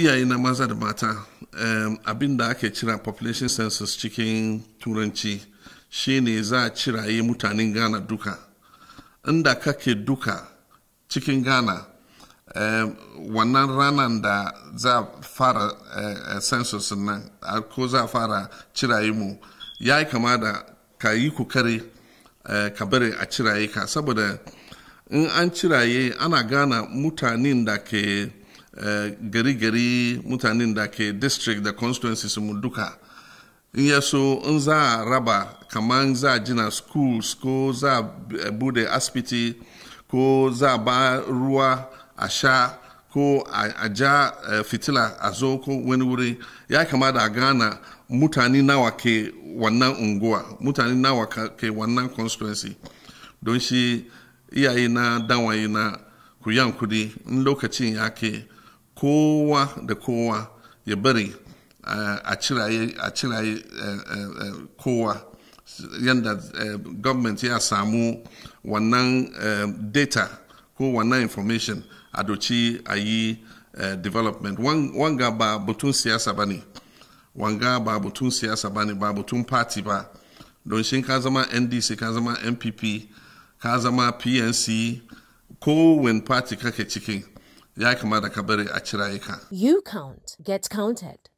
iyaye na maza da mata abin da ake cira population census cikin turanci shine za a ciraye mutanen ghana duka inda kake duka cikin ghana wannan ranar da za a fara eh, eh, census nan ko za a fara ciraye mu ya yi kama da ka yi kukare eh, ka bari a ciraye ka saboda in an ciraye ana gana mutanen da ke gari-gari eh, mutanen da ke district da constituencies mu duka in ya so in za a raba kamar za a jina schools ko za a eh, bude asibiti ko za a ba ruwa a sha ko a ja eh, fitila a zo ko wani wuri ya kamata a gana mutane nawa ke wannan unguwa mutane nawa ke wannan constituency don shi iyaye na dawaye na ku yan kudi in lokacin ya ke kowa da kowa ya bari a ciraye eh, eh, eh, kowa yadda gwamnati ya samu wannan data ko wannan information a doci a yi development wanga ba butun siyasa ba ne wanga ba butun siyasa ba ne ba butun party ba don shi ka zama ndc ka zama npp ka zama pnc ko wani party kake cikin ya kamata ka bari a ka. You count gets counted.